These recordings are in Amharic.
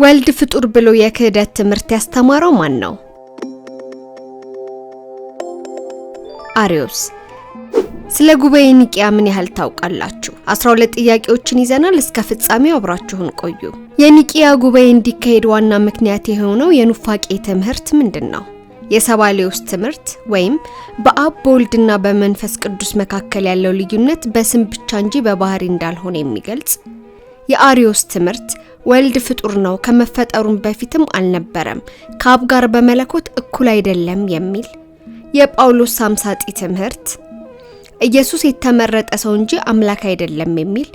ወልድ ፍጡር ብሎ የክህደት ትምህርት ያስተማረው ማን ነው? አሪዮስ። ስለ ጉባኤ ኒቂያ ምን ያህል ታውቃላችሁ? 12 ጥያቄዎችን ይዘናል። እስከ ፍጻሜው አብራችሁን ቆዩ። የኒቂያ ጉባኤ እንዲካሄድ ዋና ምክንያት የሆነው የኑፋቄ ትምህርት ምንድን ነው? የሰባሌዎስ ትምህርት ወይም በአብ በወልድና በመንፈስ ቅዱስ መካከል ያለው ልዩነት በስም ብቻ እንጂ በባህሪ እንዳልሆነ የሚገልጽ የአሪዮስ ትምህርት ወልድ ፍጡር ነው ከመፈጠሩም በፊትም አልነበረም፣ ከአብ ጋር በመለኮት እኩል አይደለም የሚል የጳውሎስ ሳምሳጢ ትምህርት ኢየሱስ የተመረጠ ሰው እንጂ አምላክ አይደለም የሚል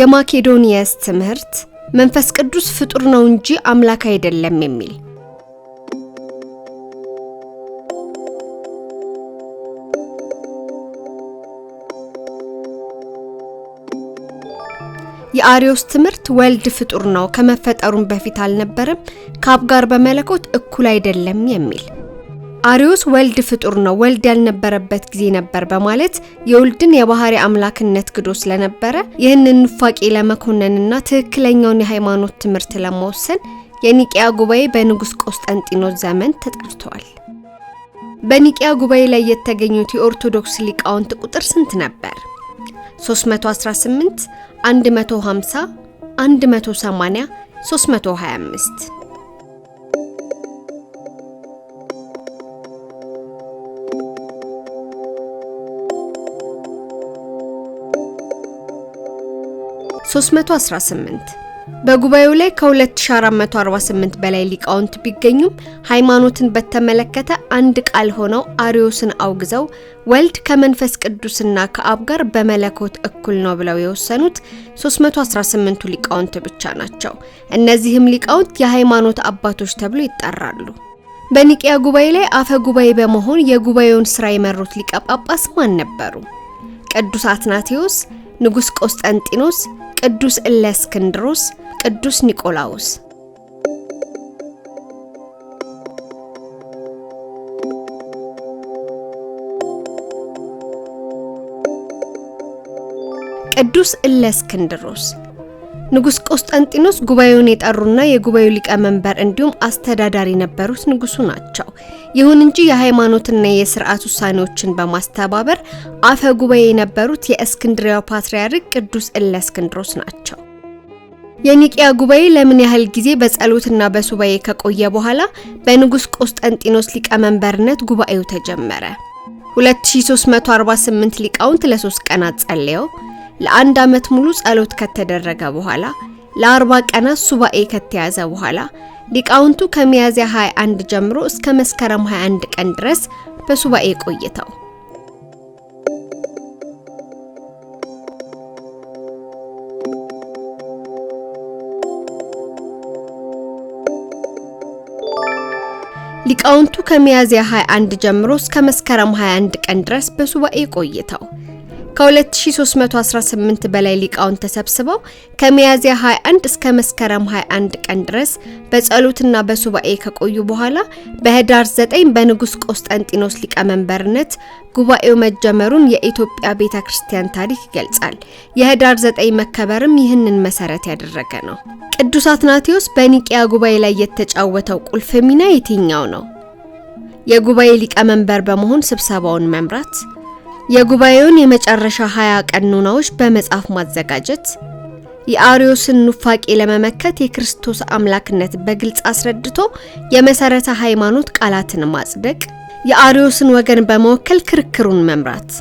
የማኬዶኒያስ ትምህርት መንፈስ ቅዱስ ፍጡር ነው እንጂ አምላክ አይደለም የሚል የአሪዮስ ትምህርት ወልድ ፍጡር ነው፣ ከመፈጠሩም በፊት አልነበረም፣ ከአብ ጋር በመለኮት እኩል አይደለም የሚል አሪዮስ ወልድ ፍጡር ነው፣ ወልድ ያልነበረበት ጊዜ ነበር በማለት የወልድን የባህሪ አምላክነት ግዶ ስለነበረ ይህንን ኑፋቄ ለመኮነንና ትክክለኛውን የሃይማኖት ትምህርት ለመወሰን የኒቅያ ጉባኤ በንጉሥ ቆስጠንጢኖስ ዘመን ተጠርተዋል። በኒቅያ ጉባኤ ላይ የተገኙት የኦርቶዶክስ ሊቃውንት ቁጥር ስንት ነበር? 318 150 180 325 318 በጉባኤው ላይ ከ2448 በላይ ሊቃውንት ቢገኙም ሃይማኖትን በተመለከተ አንድ ቃል ሆነው አሪዮስን አውግዘው ወልድ ከመንፈስ ቅዱስና ከአብ ጋር በመለኮት እኩል ነው ብለው የወሰኑት 318ቱ ሊቃውንት ብቻ ናቸው። እነዚህም ሊቃውንት የሃይማኖት አባቶች ተብሎ ይጠራሉ። በኒቅያ ጉባኤ ላይ አፈ ጉባኤ በመሆን የጉባኤውን ስራ የመሩት ሊቀ ጳጳስ ማን ነበሩ? ቅዱስ አትናቴዎስ፣ ንጉሥ ቆስጠንጢኖስ፣ ቅዱስ እለእስክንድሮስ ቅዱስ ኒቆላዎስ ቅዱስ እለእስክንድሮስ ንጉስ ቆስጠንጢኖስ ጉባኤውን የጠሩና የጉባኤው ሊቀመንበር እንዲሁም አስተዳዳሪ የነበሩት ንጉሱ ናቸው። ይሁን እንጂ የሃይማኖትና የስርዓት ውሳኔዎችን በማስተባበር አፈ ጉባኤ የነበሩት የእስክንድሪያው ፓትርያርክ ቅዱስ እለእስክንድሮስ ናቸው። የኒቂያ ጉባኤ ለምን ያህል ጊዜ በጸሎትና በሱባኤ ከቆየ በኋላ በንጉሥ ቆስጠንጢኖስ ሊቀመንበርነት ጉባኤው ተጀመረ። 2348 ሊቃውንት ለሶስት ቀናት ጸልየው ለአንድ ዓመት ሙሉ ጸሎት ከተደረገ በኋላ ለአርባ ቀናት ሱባኤ ከተያዘ በኋላ ሊቃውንቱ ከሚያዝያ 21 ጀምሮ እስከ መስከረም 21 ቀን ድረስ በሱባኤ ቆይተው ሊቃውንቱ ከሚያዝያ 21 ጀምሮ እስከ መስከረም 21 ቀን ድረስ በሱባኤ ቆይተው ከ2318 በላይ ሊቃውን ተሰብስበው ከሚያዝያ 21 እስከ መስከረም 21 ቀን ድረስ በጸሎትና በሱባኤ ከቆዩ በኋላ በህዳር 9 በንጉሥ ቆስጠንጢኖስ ሊቀመንበርነት ጉባኤው መጀመሩን የኢትዮጵያ ቤተ ክርስቲያን ታሪክ ይገልጻል። የህዳር 9 መከበርም ይህንን መሰረት ያደረገ ነው። ቅዱስ አትናቴዎስ በኒቂያ ጉባኤ ላይ የተጫወተው ቁልፍ ሚና የትኛው ነው? የጉባኤ ሊቀመንበር በመሆን ስብሰባውን መምራት የጉባኤውን የመጨረሻ 20 ቀኖናዎች በመጽሐፍ ማዘጋጀት የአርዮስን ኑፋቄ ለመመከት የክርስቶስ አምላክነት በግልጽ አስረድቶ የመሰረተ ሃይማኖት ቃላትን ማጽደቅ፣ የአርዮስን ወገን በመወከል ክርክሩን መምራት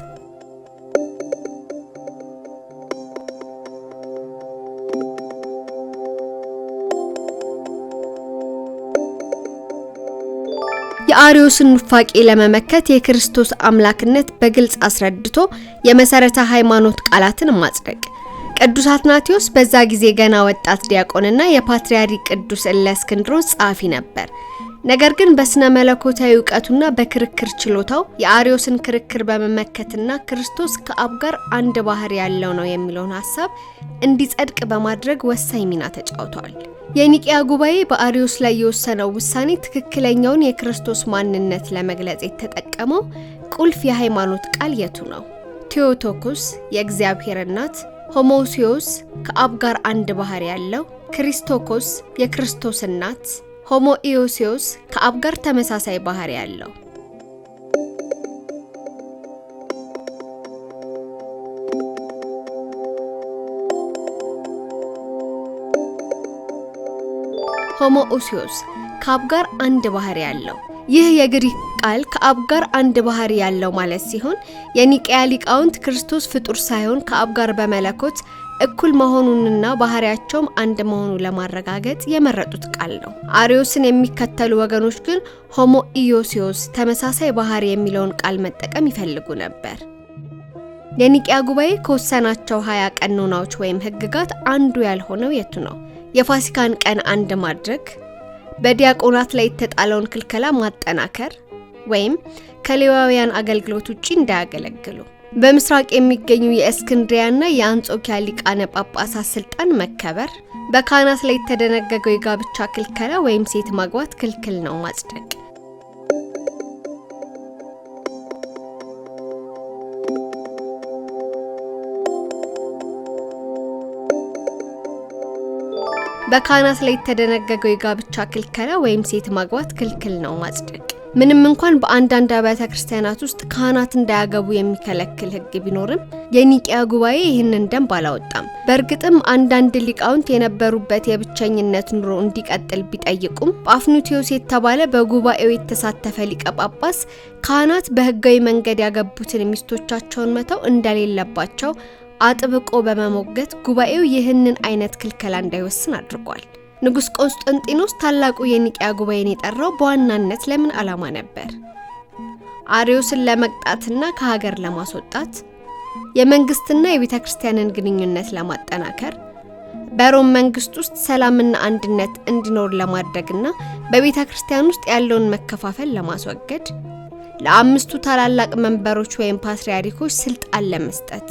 የአሪዮስን ኑፋቄ ለመመከት የክርስቶስ አምላክነት በግልጽ አስረድቶ የመሰረተ ሃይማኖት ቃላትን ማጽደቅ ቅዱስ አትናቴዎስ በዛ ጊዜ ገና ወጣት ዲያቆንና የፓትርያርክ ቅዱስ እለ ጸሐፊ ነበር። ነገር ግን በስነ መለኮታዊ እውቀቱና በክርክር ችሎታው የአሪዮስን ክርክር በመመከትና ክርስቶስ ከአብ ጋር አንድ ባህር ያለው ነው የሚለውን ሀሳብ እንዲጸድቅ በማድረግ ወሳኝ ሚና ተጫውተዋል። የኒቅያ ጉባኤ በአሪዮስ ላይ የወሰነው ውሳኔ ትክክለኛውን የክርስቶስ ማንነት ለመግለጽ የተጠቀመው ቁልፍ የሃይማኖት ቃል የቱ ነው? ቴዎቶኮስ የእግዚአብሔር እናት፣ ሆሞሲዮስ ከአብ ጋር አንድ ባህር ያለው፣ ክሪስቶኮስ የክርስቶስ እናት ሆሞ ኢዮሴዎስ ከአብ ጋር ተመሳሳይ ባህሪ ያለው ሆሞ ኡሲዮስ ከአብ ጋር አንድ ባህሪ ያለው። ይህ የግሪክ ቃል ከአብ ጋር አንድ ባህሪ ያለው ማለት ሲሆን የኒቅያ ሊቃውንት ክርስቶስ ፍጡር ሳይሆን ከአብ ጋር በመለኮት እኩል መሆኑንና ባህሪያቸውም አንድ መሆኑ ለማረጋገጥ የመረጡት ቃል ነው። አሪዮስን የሚከተሉ ወገኖች ግን ሆሞ ኢዮሲዮስ ተመሳሳይ ባህሪ የሚለውን ቃል መጠቀም ይፈልጉ ነበር። የኒቅያ ጉባኤ ከወሰናቸው ሀያ ቀኖናዎች ወይም ህግጋት አንዱ ያልሆነው የቱ ነው? የፋሲካን ቀን አንድ ማድረግ፣ በዲያቆናት ላይ የተጣለውን ክልከላ ማጠናከር ወይም ከሌዋውያን አገልግሎት ውጪ እንዳያገለግሉ በምስራቅ የሚገኙ የእስክንድሪያና የአንጾኪያ ሊቃነ ጳጳሳት ስልጣን መከበር፣ በካህናት ላይ የተደነገገው የጋብቻ ክልከላ ወይም ሴት ማግባት ክልክል ነው ማጽደቅ። በካህናት ላይ የተደነገገው የጋብቻ ክልከላ ወይም ሴት ማግባት ክልክል ነው ማጽደቅ። ምንም እንኳን በአንዳንድ አብያተ ክርስቲያናት ውስጥ ካህናት እንዳያገቡ የሚከለክል ሕግ ቢኖርም የኒቂያ ጉባኤ ይህንን ደንብ አላወጣም። በእርግጥም አንዳንድ ሊቃውንት የነበሩበት የብቸኝነት ኑሮ እንዲቀጥል ቢጠይቁም ጳፍኑቴዎስ የተባለ በጉባኤው የተሳተፈ ሊቀ ጳጳስ ካህናት በሕጋዊ መንገድ ያገቡትን ሚስቶቻቸውን መተው እንደሌለባቸው አጥብቆ በመሞገት ጉባኤው ይህንን አይነት ክልከላ እንዳይወስን አድርጓል። ንጉሥ ቆስጠንጢኖስ ታላቁ የኒቅያ ጉባኤን የጠራው በዋናነት ለምን ዓላማ ነበር? አሪዮስን ለመቅጣትና ከሀገር ለማስወጣት፣ የመንግስትና የቤተ ክርስቲያንን ግንኙነት ለማጠናከር፣ በሮም መንግስት ውስጥ ሰላምና አንድነት እንዲኖር ለማድረግና በቤተ ክርስቲያን ውስጥ ያለውን መከፋፈል ለማስወገድ፣ ለአምስቱ ታላላቅ መንበሮች ወይም ፓትርያርኮች ስልጣን ለመስጠት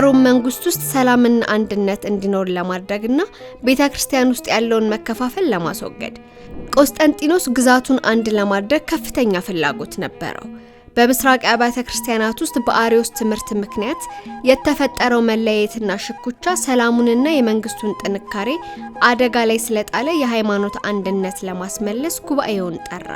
በሮም መንግስት ውስጥ ሰላምና አንድነት እንዲኖር ለማድረግና ቤተ ክርስቲያን ውስጥ ያለውን መከፋፈል ለማስወገድ ቆስጠንጢኖስ ግዛቱን አንድ ለማድረግ ከፍተኛ ፍላጎት ነበረው። በምስራቅ አብያተ ክርስቲያናት ውስጥ በአሪዎስ ትምህርት ምክንያት የተፈጠረው መለያየትና ሽኩቻ ሰላሙንና የመንግስቱን ጥንካሬ አደጋ ላይ ስለጣለ የሃይማኖት አንድነት ለማስመለስ ጉባኤውን ጠራ።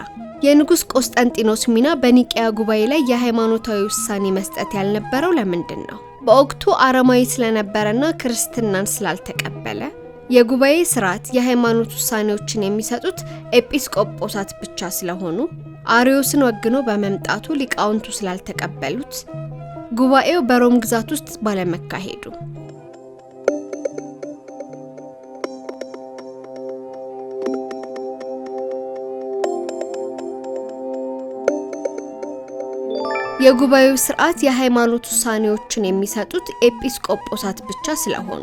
የንጉስ ቆስጠንጢኖስ ሚና በኒቅያ ጉባኤ ላይ የሃይማኖታዊ ውሳኔ መስጠት ያልነበረው ለምንድን ነው? በወቅቱ አረማዊ ስለነበረና ክርስትናን ስላልተቀበለ የጉባኤ ስርዓት የሃይማኖት ውሳኔዎችን የሚሰጡት ኤጲስቆጶሳት ብቻ ስለሆኑ አሪዮስን ወግኖ በመምጣቱ ሊቃውንቱ ስላልተቀበሉት ጉባኤው በሮም ግዛት ውስጥ ባለመካሄዱ የጉባኤው ስርዓት የሃይማኖት ውሳኔዎችን የሚሰጡት ኤጲስቆጶሳት ብቻ ስለሆኑ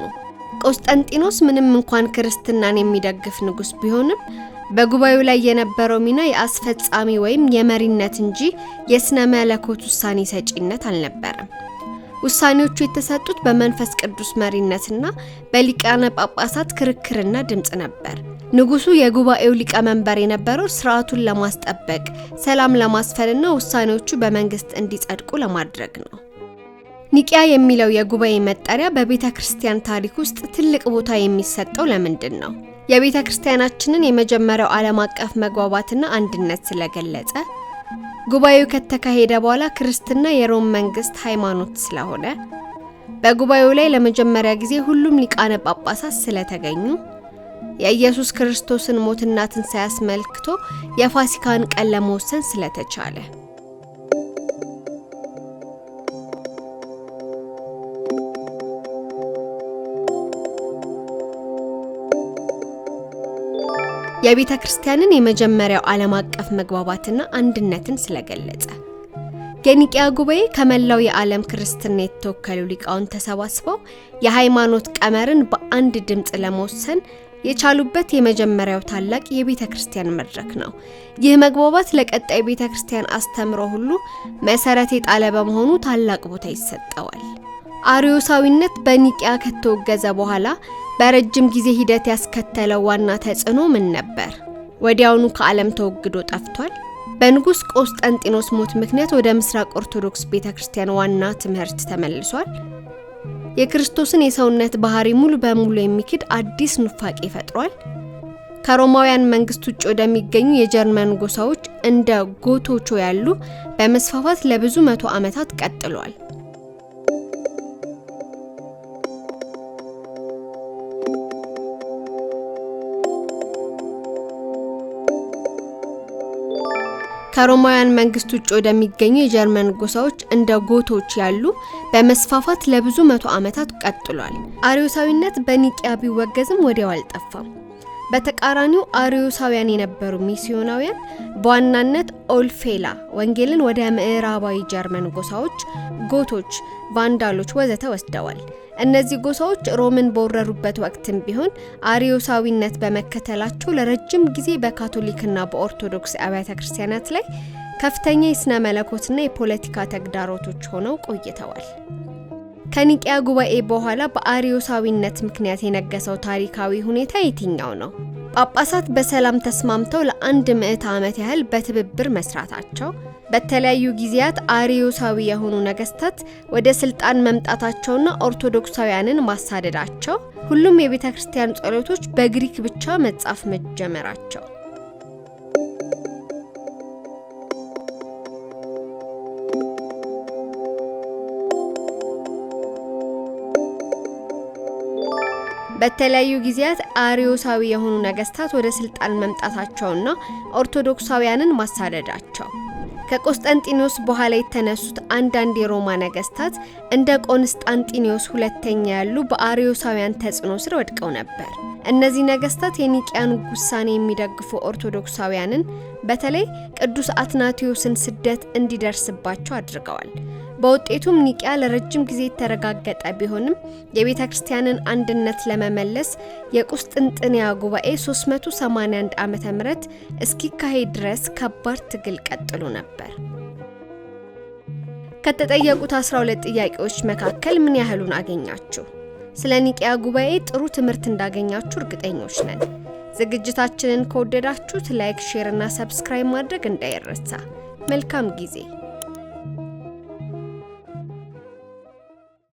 ቆስጠንጢኖስ ምንም እንኳን ክርስትናን የሚደግፍ ንጉስ ቢሆንም በጉባኤው ላይ የነበረው ሚና የአስፈጻሚ ወይም የመሪነት እንጂ የሥነ መለኮት ውሳኔ ሰጪነት አልነበረም። ውሳኔዎቹ የተሰጡት በመንፈስ ቅዱስ መሪነትና በሊቃነ ጳጳሳት ክርክርና ድምፅ ነበር። ንጉሱ የጉባኤው ሊቀመንበር የነበረው ስርዓቱን ለማስጠበቅ ሰላም ለማስፈንና ውሳኔዎቹ በመንግስት እንዲጸድቁ ለማድረግ ነው። ኒቅያ የሚለው የጉባኤ መጠሪያ በቤተ ክርስቲያን ታሪክ ውስጥ ትልቅ ቦታ የሚሰጠው ለምንድን ነው? የቤተ ክርስቲያናችንን የመጀመሪያው ዓለም አቀፍ መግባባትና አንድነት ስለገለጸ ጉባኤው ከተካሄደ በኋላ ክርስትና የሮም መንግስት ሃይማኖት ስለሆነ በጉባኤው ላይ ለመጀመሪያ ጊዜ ሁሉም ሊቃነ ጳጳሳት ስለተገኙ የኢየሱስ ክርስቶስን ሞትና ትንሣኤ አስመልክቶ የፋሲካን ቀን ለመወሰን ስለተቻለ የቤተ ክርስቲያንን የመጀመሪያው ዓለም አቀፍ መግባባትና አንድነትን ስለገለጸ የኒቅያ ጉባኤ ከመላው የዓለም ክርስትና የተወከሉ ሊቃውንት ተሰባስበው የሃይማኖት ቀመርን በአንድ ድምፅ ለመወሰን የቻሉበት የመጀመሪያው ታላቅ የቤተ ክርስቲያን መድረክ ነው። ይህ መግባባት ለቀጣይ ቤተ ክርስቲያን አስተምሮ ሁሉ መሰረት የጣለ በመሆኑ ታላቅ ቦታ ይሰጠዋል። አርዮሳዊነት በኒቅያ ከተወገዘ በኋላ በረጅም ጊዜ ሂደት ያስከተለው ዋና ተጽዕኖ ምን ነበር? ወዲያውኑ ከዓለም ተወግዶ ጠፍቷል? በንጉሥ ቆስጠንጢኖስ ሞት ምክንያት ወደ ምስራቅ ኦርቶዶክስ ቤተ ክርስቲያን ዋና ትምህርት ተመልሷል? የክርስቶስን የሰውነት ባህሪ ሙሉ በሙሉ የሚክድ አዲስ ኑፋቄ ፈጥሯል? ከሮማውያን መንግስት ውጭ ወደሚገኙ የጀርመን ጎሳዎች እንደ ጎቶቾ ያሉ በመስፋፋት ለብዙ መቶ ዓመታት ቀጥሏል። ከሮማውያን መንግስት ውጭ ወደሚገኙ የጀርመን ጎሳዎች እንደ ጎቶች ያሉ በመስፋፋት ለብዙ መቶ ዓመታት ቀጥሏል። አሪዮሳዊነት በኒቅያ ቢወገዝም ወዲያው አልጠፋም። በተቃራኒው አሪዮሳውያን የነበሩ ሚስዮናውያን በዋናነት ኦልፌላ ወንጌልን ወደ ምዕራባዊ ጀርመን ጎሳዎች፣ ጎቶች፣ ቫንዳሎች ወዘተ ወስደዋል። እነዚህ ጎሳዎች ሮምን በወረሩበት ወቅትም ቢሆን አሪዮሳዊነት በመከተላቸው ለረጅም ጊዜ በካቶሊክና በኦርቶዶክስ አብያተ ክርስቲያናት ላይ ከፍተኛ የስነ መለኮትና የፖለቲካ ተግዳሮቶች ሆነው ቆይተዋል። ከኒቂያ ጉባኤ በኋላ በአሪዮሳዊነት ምክንያት የነገሰው ታሪካዊ ሁኔታ የትኛው ነው? ጳጳሳት በሰላም ተስማምተው ለአንድ ምዕት ዓመት ያህል በትብብር መስራታቸው በተለያዩ ጊዜያት አሪዮሳዊ የሆኑ ነገስታት ወደ ስልጣን መምጣታቸውና ኦርቶዶክሳውያንን ማሳደዳቸው ሁሉም የቤተ ክርስቲያን ጸሎቶች በግሪክ ብቻ መጻፍ መጀመራቸው በተለያዩ ጊዜያት አሪዮሳዊ የሆኑ ነገስታት ወደ ስልጣን መምጣታቸውና ኦርቶዶክሳውያንን ማሳደዳቸው ከቆስጠንጢኖስ በኋላ የተነሱት አንዳንድ የሮማ ነገስታት እንደ ቆንስጣንጢኖስ ሁለተኛ ያሉ በአርዮሳውያን ተጽዕኖ ስር ወድቀው ነበር። እነዚህ ነገስታት የኒቅያን ውሳኔ የሚደግፉ ኦርቶዶክሳውያንን በተለይ ቅዱስ አትናቴዎስን ስደት እንዲደርስባቸው አድርገዋል። በውጤቱም ኒቂያ ለረጅም ጊዜ የተረጋገጠ ቢሆንም የቤተ ክርስቲያንን አንድነት ለመመለስ የቁስጥንጥንያ ጉባኤ 381 ዓ ም እስኪካሄድ ድረስ ከባድ ትግል ቀጥሎ ነበር። ከተጠየቁት 12 ጥያቄዎች መካከል ምን ያህሉን አገኛችሁ? ስለ ኒቂያ ጉባኤ ጥሩ ትምህርት እንዳገኛችሁ እርግጠኞች ነን። ዝግጅታችንን ከወደዳችሁት ላይክ፣ ሼር እና ሰብስክራይብ ማድረግ እንዳይረሳ። መልካም ጊዜ